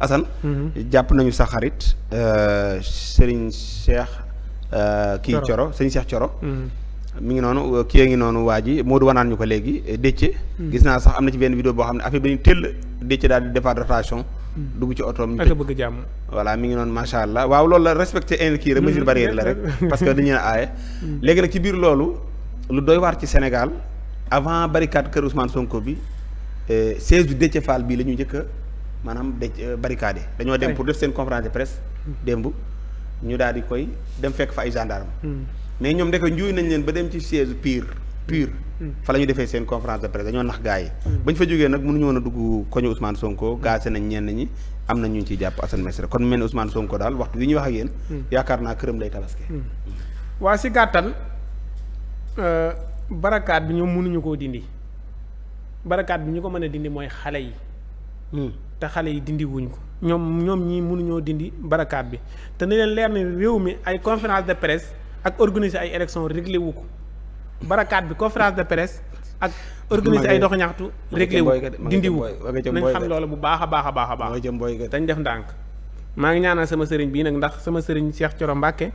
Assane. Mhm. jàpp nañu sa xarit euh, Serigne Cheikh. Euh, kii Coro Serigne Cheikh Coro. mu mhm. ngi noonu euh, kii a ngi noonu waa ji Modou wanaan ñu ko léegi Déthié. Mhm. gis naa sax am na ci benn vidéo boo xam ne affaire bi ñu tëll Déthié daal di defaat rotation. dugg ci otoom ak bëgg jàmm. voilà mi ngi noonu macha allah waaw loolu la respecté un kii rek mesure barrière la rek parce que dañu aaye. léegi nag ci biir loolu lu dooy waar ci Sénégal avant barricade kër Ousmane Sonko bi siège du Déthié Fall bii la ñu njëkk manam eh, barricade dañoo dem pour def sen conférence de presse dembu ñu daal di koy dem fekk fa ay gendarme hmm. mais ñom ndeke ñuy nañ leen ba dem ci siège pire pure hmm. fa lañu ñu sen conférence de presse dañu nax gaay hmm. bañ fa joggé nak mënu ñu wona dugg koñu Ousmane Sonko gaasé nañ ñen ñi amna ñu ci japp Assane kon mel Ousmane Sonko waktu waxtu yi ñu wax ak yeen yakarna kërëm lay lay tabaske ci gatal euh barakaat bi mënu ñu ko dindi barakaat bi ñu ko mëna dindi moy xalé yi te xalé yi dindi wuñ ko ñom ñom ñi mënu ñoo dindi barakaat bi te ni leen leer ni rew mi ay conférence de presse ak organiser ay élection réglé wuko ko barakaat bi conférence de presse ak organiser ay dox ñaxtu réglé wu dindi wu ñu xam loolu bu baaxa baaxa baaxa baax a jëm boy ga dañ def ndànk ma ngi ñaanal sama sëriñ bi nak ndax sama sëriñ Cheikh Thioro Mbacke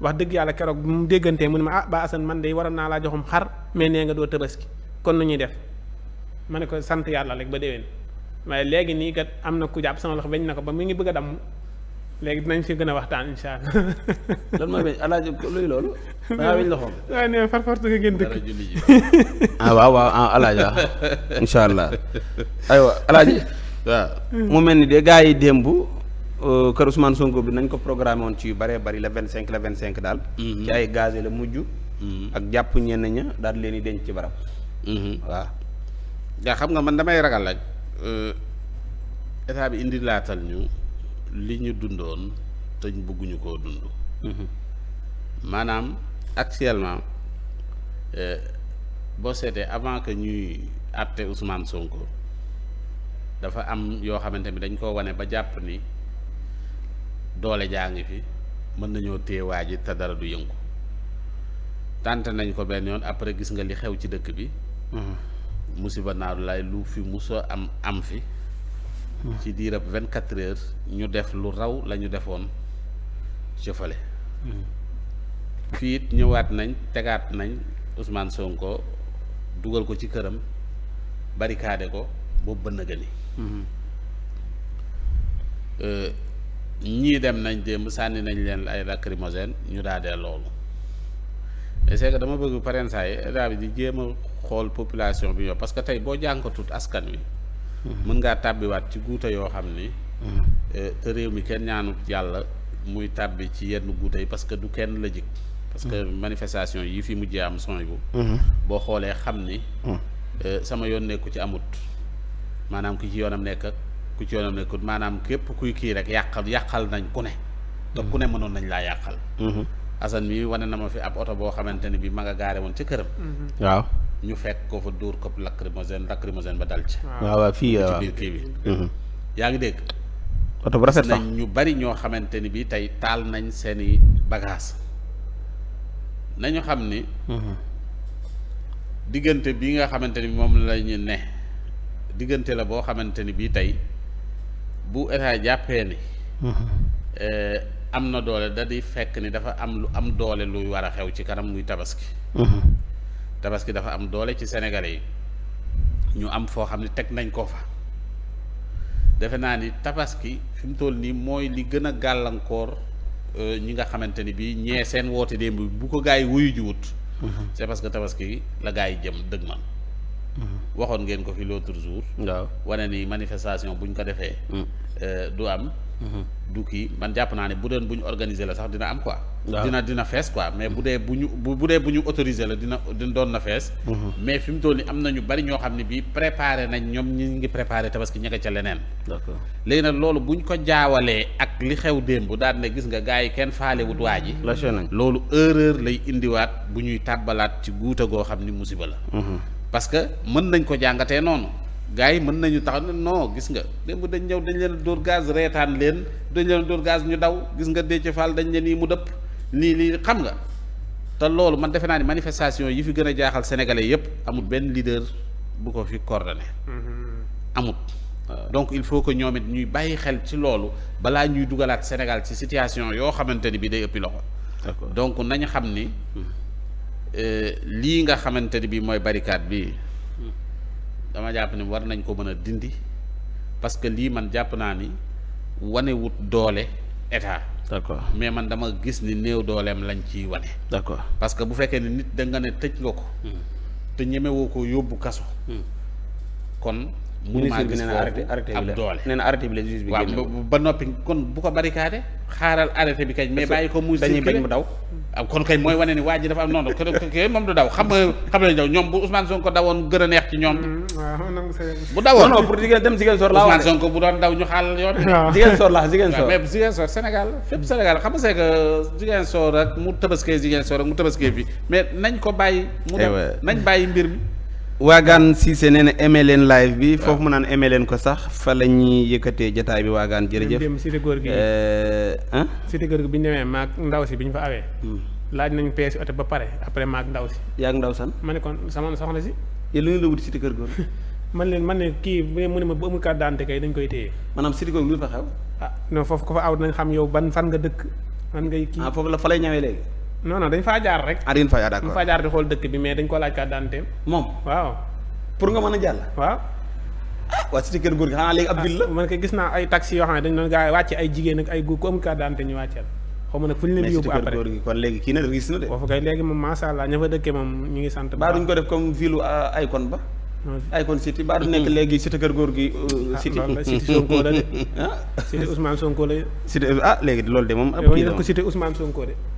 wax deug yalla kérok bu mu déggantee mu ne ma ah ba Assane man day waroon na la joxum xar mais né nga do tebaski kon nañu def mané ko sante yalla rek ba déwén waaye léegi nii kat amna na ku jàpp sama loxo bañ na ko ba mu ngi bëgg a damm léegi dinañ ci gën waxtaan incha allah. lan mooy bañ alaaji luy loolu. wiñ waaye nee far far nga gën dëkk. ah waaw waaw ah alaaji incha allah aywa alaaji. waaw mu mel ni de gars yi démb. Euh, kër Ousmane Sonko bi nañ ko programmé woon ci yu bëree bëri le 25 le 25 daal. Mhm. ci ay gaz la mujj. Mhm. ak jàpp ñenn ña daal leen di denc ci barab. Mhm. waaw. yaa xam nga man damay ragal laaj. Euh, état bi indi laatal ñu li ñu dundoon te ñu bëgguñu koo dund. Mhm. maanaam actuellement euh, boo seetee avant que ñuy àtte Ousmane Sonko dafa am yoo xamante ni dañ koo wane ba jàpp ni doole jaa ngi fi mën nañoo téye waa ji te dara du yëngu tànte nañ ko benn yoon après gis nga li xew ci dëkk bi. Mhm. musiba naaru lay lu fi musa am am fi hmm. ci diirab vingt quatre heures ñu def lu raw la ñu defoon jëfale hmm. fii it ñëwaat nañ tegaat nañ usmaan Sonko dugal ko ci këram barikaade ko boobu bënn gëni hmm. euh, ñii dem nañ démb sànni nañ leen ay lacrymogène ñu daadee loolu mais dama bëgg pareen saa yi bi di jéem a xool population bi ñoo parce que tey boo jànkatut askan wi. Mhm. mën ngaa tàbbiwaat ci guuta yoo xam ni. Mhm. Euh, réew mi kenn ñaanut yàlla muy tàbbi ci yenn guuta yi parce que du kenn la jik parce que mhm. manifestation yi fi mujjee am son bu boo xoolee xam ni. Euh, sama yoon nekku ci amut maanaam ku ci yoonam nekk ak ku ci yoonam nekkut maanaam képp kuy kii rek yàqal yàqal nañ ku ne. te ku ne mënoon nañ laa yàqal. Assane mi wane na ma fi ab oto boo xamante ne bi ma nga gaare woon ca këram. Mhm. waaw ñu fekk ko fa dóor ko lacrymogène lacrymogène ba dal ci. waaw fii bi. Mhm. yaa ngi dégg. oto bu rafet sax ñu bari ñoo xamante ni bi tey taal nañ seeni bagage nañu xam ni. Mhm. diggante bi nga xamante ni moom la ne diggante la boo xamante ni bii tey bu état jàppee ni. Eh, am na doole da di fekk ni dafa am lu am doole luy war a xew ci kanam muy tabaski. Mhm. tabaski dafa am doole ci Sénégalais yi ñu am foo xam ne teg nañ ko fa. defe naa ni tabaski fi mu toll nii mooy li gën a gàllankoor euh, ñi nga xamante ni bii ñee seen woote démb bu ko gaa yi wuyu ji wut. Mhm. parce que tabaski la gaa yi jëm dëgg man. Mhm. waxoon ngeen ko fi lotu jour. waaw wane ni manifestation buñ ko defee. Mm. Euh, du am. Mhm. du kii man jàpp naa ne bu doon bu ñu organiser la sax dina am quoi. dina dina fees quoi mais bu dee bu ñu bu dee bu ñu autorisé la dina dina doon na fees. Mhm. mais fi mu toll nii am na ñu bari ñoo xam ne bii préparé nañ ñoom ñu ngi préparé tabaski ña nga ca leneen. d'accord léegi nag loolu bu ñu ko jaawalee ak li xew démb daan ne gis nga gars yi kenn faale wut waa ji. loolu erreur lay indiwaat bu ñuy tàbbalaat ci guuta goo xam ni musiba la. Mhm. parce que mën nañ ko jàngatee noonu. gars yi mën nañu tax non gis nga démb dañ ñëw dañ leen dóor gaz reetaan leen dañ leen door gaz ñu daw gis nga Déthié Fall dañ leen yi mu dëpp lii lii xam nga te loolu man defe naa ni manifestation yi fi gën a jaaxal sénégalais yépp amul benn leader bu ko fi coordonné mm-hmm. amut donc il faut que ñoom it ñuy bàyyi xel ci loolu balaa ñuy dugalaat Sénégal ci situation yoo xamante ni bi day ëppi loxo donc nañ xam ni euh, lii nga xamante ni bi mooy barricade bii dama jàpp ni war nañ ko mën a dindi parce que lii man jàpp naa ni wanewut doole état. d'accord mais man dama gis ni néew dooleem lañ ciy wane. d'accord parce que bu fekkee ni nit da nga ne tëj nga ko. Hmm. te ñemewoo ko yóbbu kaso. Hmm. kon ministre bi nee na arrêté arrêté bi la doole nee na bi la juge bi waaw ba noppi kon bu ko barricade xaaral arrêté bi kañ mais bàyyi ko muy dañuy bañ mu daw ah, kon kañ mooy wane ni waa ji dafa am noonu kay moom du daw xam nga xam nañ daw ñoom bu Ousmane Sonko dawoon gën a neex ci ñoom mm, bu dawoon non pour dem jigéen sor la Ousmane Sonko bu doon daw ñu xaal yoon jigéen sor la jigéen sor mais jigéen sor Sénégal fépp Sénégal xam nga c'est que jigéen sor ak mu tabaskee jigéen sor ak mu tabaskee mais nañ ko bàyyi mu eh nañ bàyyi mbir mi waagaan Cissé nee na aimé leen live bi foofu ma naan aimé leen ko sax fa la ñuy yëkkatee jataay bi waagaan jërëjëf. dem cité góor gi ah. cité góor bi ñu demee maag ndaw si bi ñu fa awee. Hmm. laaj nañu pees oto ba pare après maag ndaw si. yaa ndaw san ma ne kon sama soxna si. yéen lu ngeen la wuti cité góor góor. man leen man ne kii mu ne ma bu amul carte d'identité kay dañ koy téye. maanaam cité góor gi lu fa xew. ah non foofu ko fa aw nañ xam yow ban fan nga dëkk. fan ngay kii ah foofu la fa lay ñëwee non non dañ fa jaar rek. ah fa faa jaar d'accord dañ faa jaar di xol dekk bi mais dañ ko laaj carte d'identité moom waaw. pour nga meuna jall waaw. Ah, wa ci gën goor góor gi xanaa léegi ab la. Ah, man ko gis na ay taxi yo xamne dañ non gaay wacc ay jigen ak ay goor ko am carte d'identité ñu wàcceel. xaw ma fuñu fu ñu leen di yóbbu après góor gi kon legi ki na gis na de. wa foofu kay mom ma sha allah ñafa fa mom moom ñu ngi sante ba duñ ko def comme ville ay kon euh, ba. ay kon City ba du nek mm-hmm. legi ci kër goor gi. Euh, ah, city city Sonko la de. cité Ousmane Sonko la. cité ah legi loolu de mom ab kii la moom cité Ousmane Sonko de.